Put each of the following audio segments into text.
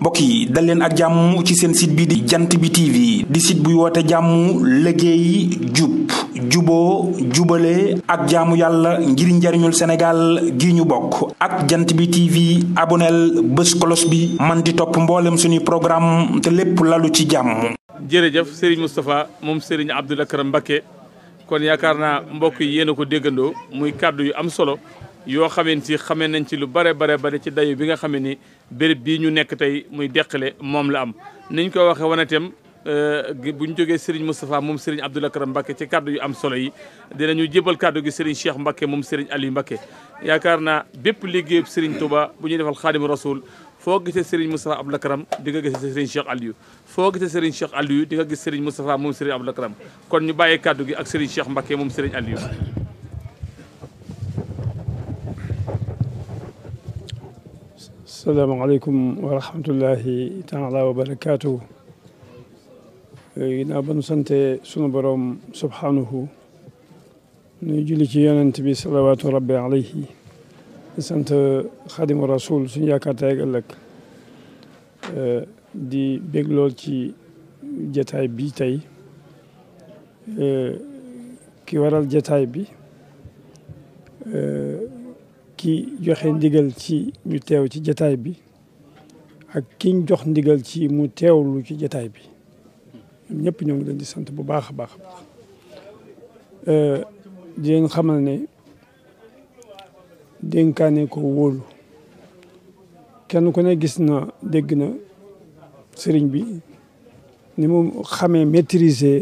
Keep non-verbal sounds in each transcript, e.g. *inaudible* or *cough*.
mbokk yi dal leen ak jàmm ci seen site bi di jant bi TV di site buy woote jàmm liggéey jub juboo jubale ak jaamu yàlla ngir njariñul Sénégal gi ñu bokk ak jant bi TV aboneel bés kolos bi man di topp mboolem suñuy programme te lépp lalu ci jàmm. jërëjëf Serigne Moustapha moom Serigne Abdou Lakram Mbacké kon yaakaar naa mbokk yi yéen a ko déggandoo muy kàddu yu am solo. yo xamante ni xamee nañ ci lu bare bare bare ci dayu bi nga xam ni béréb bii ñu nekk tay muy dékkalé mom la am. niñ ko waxé wonatem euh buñ ñu Serigne mustapha mom Serigne abdou Karam Mbacke ci cadeau yu am solo yi dinañu jébal cadeau gi Serigne Cheikh Mbacke mom Serigne ali Mbacke. yaakaar naa bépp liggéeyub Serigne Touba bu ñuy defal xaadimu rasul foo gisee Serigne mustapha abdou Karam di nga gisee Serigne Cheikh Aliou foo gisee Serigne Cheikh Aliou di nga gis Serigne mustapha mom Serigne abdou Karam kon ñu bayé cadeau gi ak Serigne Cheikh Mbacke mom Serigne Aliou salaamaaleykum wa rahmatullahi taala wa barakaatu. ginnaaw ba nu sante sunu borom subhanahu nuy julli ci yonent bi salawaatu rabbi alayhi di sant xadimu rasul suñu yaakaar tey ak ëllëg eh, di bég lool ci jataay bi tey eh, ki waral jataay bi eh, ki joxe ndigal ci ñu teew ci jataay bi ak kiñ jox ndigal ci mu teewlu ci jataay bi ñoom ñëpp ñoo ngi leen di sant bu baax a baax a baax euh, di leen xamal ne dénkaane ko wóolu kenn ku ne gis na dégg na sëriñ bi ni mu xamee maitrise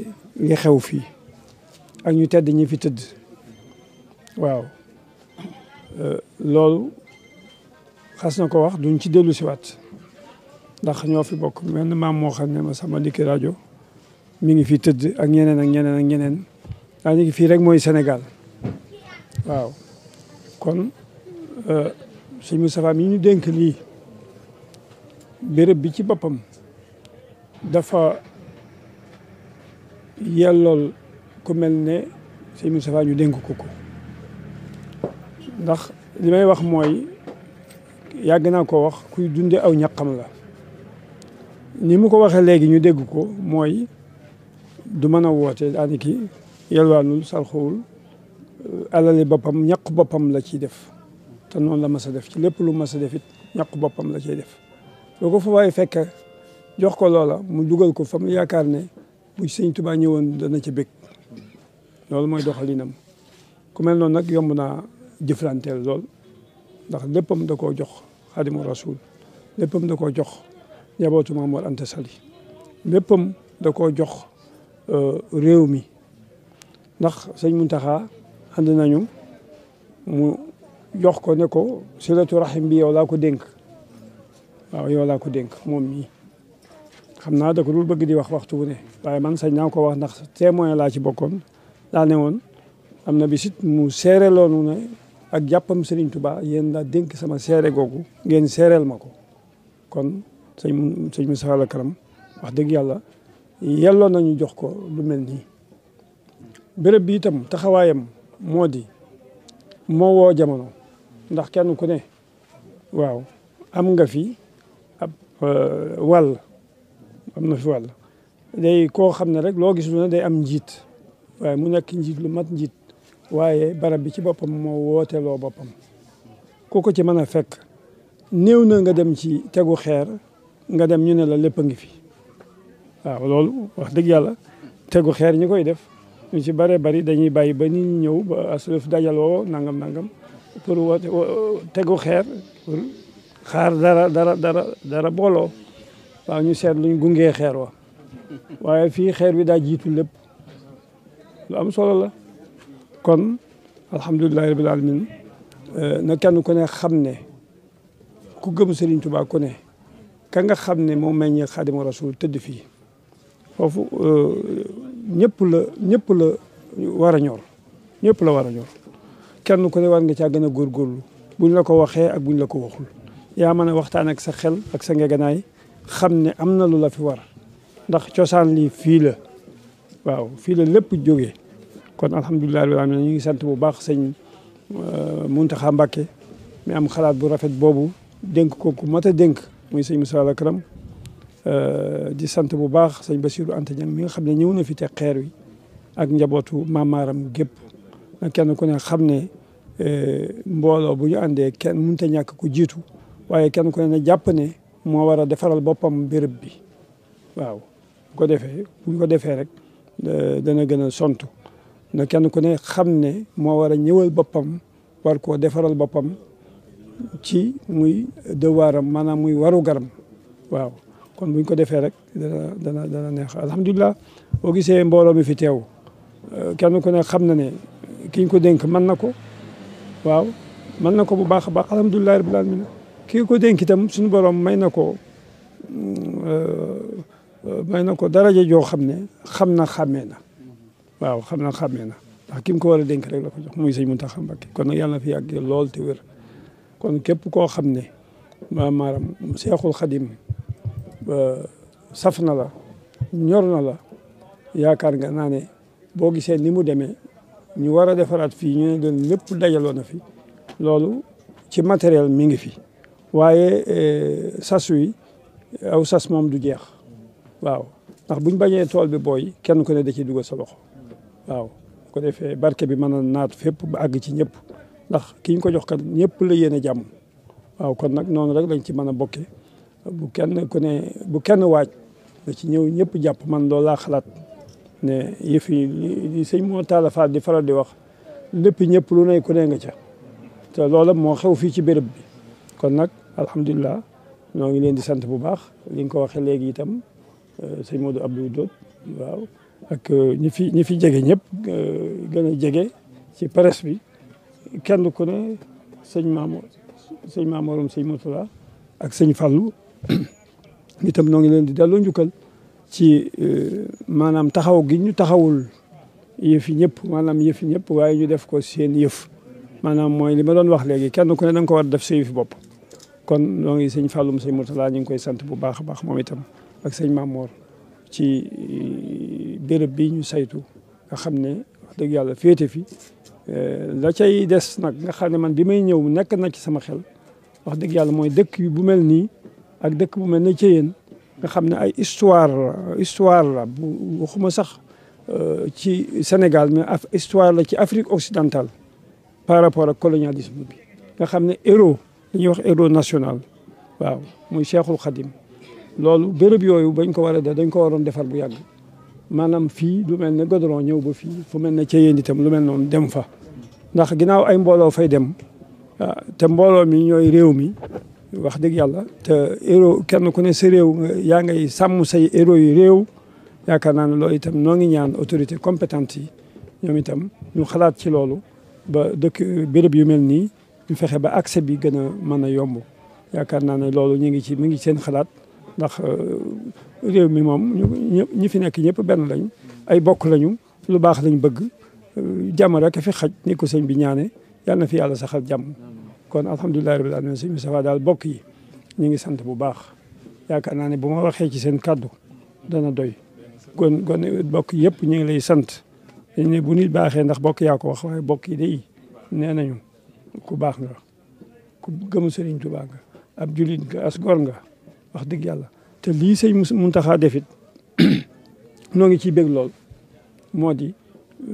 li xew fii ak ñu tedd ñi fi tëdd waaw Euh, loolu xas na ko wax duñ ci dellu siwaat ndax ñoo fi bokk mel maam moo xam ne ma sama ndikki rajo mi ngi fi tëdd ak ñeneen ak ñeneen ak ñeneen daa ñu ngi fii rek mooy Sénégal waaw kon euh, sëñ Moustapha mi ñu dénk lii béréb bi ci boppam dafa yellool ku mel ne sëñ Moustapha ñu dénk ko ko ndax li may wax mooy yàgg naa ko wax kuy dunde aw ñaqam la ni mu ko waxee léegi ñu dégg ko mooy du mën a woote daani ki yelwaanul salxuwul euh, alali boppam ñaq boppam la ciy def te noonu la masa def ci lépp lu mas a def ñaq boppam la ciy def loo ko fa fekk jox ko loola mu dugal ko fa yaakaar ne bu sëñ Tuubaa ñëwoon dana ci bég loolu mooy doxalinam ku mel noonu nag yomb naa jëflanteel lool ndax léppam da koo jox xaadimu rasul léppam da koo jox njabootu Maam Mor Anta Sali léppam da koo jox euh, réew mi ndax sëñ Muntaxa ànd nañu mu jox ko ne ko silatu rahim bi yow laa ko dénk waaw yow laa ko dénk moom mii xam naa da ko dul bëgg di wax waxtu wu ne waaye man sañ naa ko wax ndax témoin laa ci bokkoon daa ne woon am na mu seere loonu ne ak jàppam Serigne Touba yéen laa dénk sama seere googu ngeen seereel ma ko kon sëñ sëñ Moussa Alla Karam wax dëgg yàlla yelloo nañu jox ko lu mel nii béréb bi itam taxawaayam moo di moo woo jamono ndax kenn ku ne waaw am nga fi ab euh, wàll am na fi wàll day koo xam ne rek loo gis ne day am njiit waaye mu nekk njiit lu mat njiit waaye barab bi ci boppam moo wooteloo boppam ku ko ci mën a fekk néew na nga dem ci tegu xeer nga dem ñu ne la lépp a ngi fi waaw loolu wax dëgg yàlla tegu xeer ñi koy def ñu ci bare bari dañuy bay ba nit ñëw ba asluf dajaloo nangam nangam pour woote tegu xeer pour dara dara dara dara booloo waaw ñu seet luñ gungee xeer wa waaye fii xeer bi daa jiitu lépp lu am solo la kon alhamdulilahi rabil alamin euh, na kenn ku ne xam ne ku gëm Serigne Touba ku ne ka nga xam ne moom meññee xaadima rasul tëdd fii foofu euh, ñëpp la ñëpp la war a ñor ñëpp la war a ñor kenn ku ne war nga caa gën a góorgóorlu buñ la ko waxee ak buñ la ko waxul yaa mën a waxtaan ak sa xel ak sa ngeganaay xam ne am na lu la fi war ndax cosaan lii fii la waaw fii la lépp jógee kon alhamdulilah rabbil alamin ñu ngi sant bu baax sëñ euh, Muntaxa Mbàkke mi am xalaat bu rafet boobu dénk ko ku mat a dénk muy sëñ Moussa Lakaram euh, di sant bu baax sëñ Basiru Anta Ñang mi nga xam ne ñëw na fi te xeer wi ak njabootu maamaaram gépp kenn ku ne xam ne euh, mbooloo bu ñu àndee kenn mënut a ñàkk ku jiitu waaye kenn ku ne na jàpp ne moo war a defaral boppam béréb bi waaw ko defee bu ko defee rek dana gën a sontu na kenn ku ne xam ne moo war a ñëwal boppam war koo defaral boppam ci muy devoiram maanaam muy waru garam waaw kon buñ ko defee rek dana dana dana neex gisee mbooloo mi fi teew euh, kenn ku ne xam na ne kiñ ko dénk mën na ko waaw mën na ko bu baax a baax alhamdulilah rabbil alamin ki ko dénk itam suñu borom may na ko euh, euh, may na ko daraja joo xam ne xam na xàmmee na waaw xam na xàmmee na ndax ki ko war a dénk rek la ko jox muy sëñ Mountakha kon nag yàlla na fi yàgg lool te wér kon képp koo xam ne maram maaram Seexul Xadim saf na la ñor na la yaakaar nga naa ne boo gisee ni mu demee ñu war a defaraat fii ñu ne leen lépp dajaloo na fi loolu ci matériel mi ngi fi waaye eh, sas wi aw sas moom du jeex waaw ndax buñ bañee tool bi booy kenn ku ne da ciy dugal sa loxo waaw ko defee barke bi mën a naat fépp ba àgg ci ñëpp ndax ki ñu ko jox kat ñëpp la yéene jàmm waaw kon nag noonu rek lañ ci mën a bokke bu kenn ne bu kenn waaj da ci ñëw ñëpp jàpp man loolu laa xalaat ne yëf yi li sëñ moo di faral di wax lépp ñëpp lu ne ku ne nga ca te loola moo xew fii ci béréb bi kon nag alhamdulillah ñoo ngi leen di sant bu baax li nga ko waxee léegi itam euh, sëñ Modou Abdou waaw ak euh, ñi fi ñi fi jege ñëpp euh, gën a jege ci presse bi kenn ku ne sëñ Mamour sëñ Mamouram sëñ Moutala ak sëñ Fallou *clears throat* itam noo ngi leen di delloo njukkal ci euh, maanaam taxaw gi ñu taxawul yëfi ñëpp maanaam yëfi ñëpp waaye ñu def ko seen yëf maanaam mooy li ma doon wax léegi kenn ku ne da ko war def sa yëfi bopp kon noo ngi sëñ Fallou sëñ Moutala ñu ngi koy sant bu baax a baax moom itam ak sëñ Mamour ci béréb bi ñu saytu nga xam ne wax dëgg yàlla féete fi la cay des nag nga xam ne man bi may ñëw nekk na ci sama xel wax dëgg yàlla mooy dëkk bu mel nii ak dëkk bu mel ne Thiéyène nga xam ne ay histoire histoire la bu waxuma sax ci Sénégal mais histoire la ci Afrique occidentale par rapport ak colonialisme bi nga xam ne héros li ñuy wax héros national waaw muy Cheikhul Khadim loolu béréb yooyu bañ ko war a def dañ ko waroon defar bu yàgg maanaam fii lu mel ne Goudron ñëw ba fii fu mel ne Thiéyène itam lu mel noonu dem fa ndax ginnaaw ay mbooloo fay dem ah, te mbooloo mi ñooy réew mi wax dëgg yàlla te héros kenn ku ne si réew yaa ngay sàmm say héros yu réew yaakaar naa ne loolu itam noo ngi ñaan autorité compétente yi ñoom itam ñu xalaat ci loolu ba dëkk béréb yu mel nii ñu fexe ba accès bi gën a mën a yomb yaakaar naa ne loolu ñu ngi ci mi ngi seen xalaat ndax euh, réew mi moom ñu ñi fi nekk ñëpp benn lañ ay bokk lañu lu baax lañu bëgg euh, jàmm rek fi xaj ni ko sëñ bi ñaane yàlla na fi yàlla saxal jàmm kon alhamdulilahi rabbil alamin sëñ Moustapha daal bokk yi ñu ngi sant bu baax yaakaar naa ne bu ma waxee ci seen kàddu dana doy kon kon bokk yëpp ñu ngi lay sant dañ ne bu nit baaxee ndax bokk yaa ko wax waaye bokk yi day nee nañu ku baax nga ku gëm sëriñ Tuubaa nga ab julit nga as gor nga wax dëgg yàlla te lii sëñ Muntaxa defit *clears throat* noo ngi ciy bég lool moo di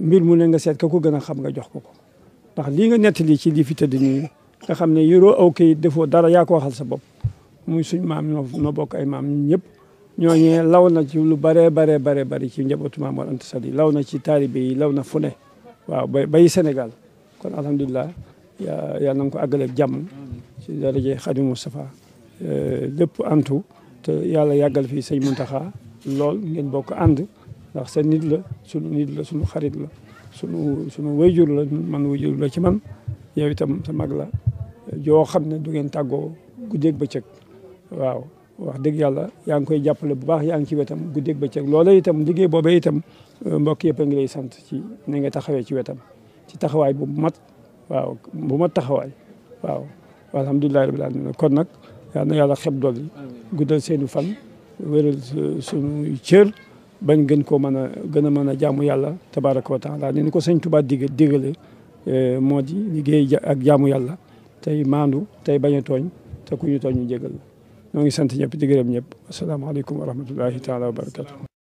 mbir mu ne nga seet ka ko gën a xam nga jox ko ko ndax lii nga nettali ci lii fi tëdd nga xam ne yoroo aw defoo dara yaa ko waxal sa bopp muy suñ maam noo bokk ay maam ñun ñëpp ñooñee law na ci lu baree baree baree bari ci njabootu maam Mor Anta Sali law na ci taalibe yi law na fu ne waaw bay bay Sénégal kon alhamdulilah yàlla na ko àggaleeg jàmm ci daraje Xadim Moustapha euh, lépp antu te yàlla yàggal fii sëñ Muntaxa lool ngeen bokk ànd ndax sa nit la sunu nit la sunu xarit la sunu sunu wayjur la man wayjur la ci man yow itam sa mag la joo xam ne du ngeen tàggoo ba cëg waaw wax dëgg yàlla yaa ngi koy jàppale bu baax yaa ngi ci wetam ba bëccëg loola itam liggéey boobee itam euh, mbokk yëpp a ngi lay sant ci ni nga taxawee ci wetam ci taxawaay bu mat waaw bu mat taxawaay waaw alhamdulilahi rabbil alamin kon nag yal na yàlla xeb dolli guddal seeni fan wéral suñu cër bañ gën koo mën a gën a mën a jaamu yàlla tabaraka wa taala ni ko sëñ Tuubaa digg digale eh, moo di liggéey ak jaamu yàlla tey maandu tey bañ tooñ te ku ñu tooñ ñu jégal ñoo ngi sant ñëpp di gërëm ñëpp asalaamaaleykum wa rahmatullahi taala wa barakatu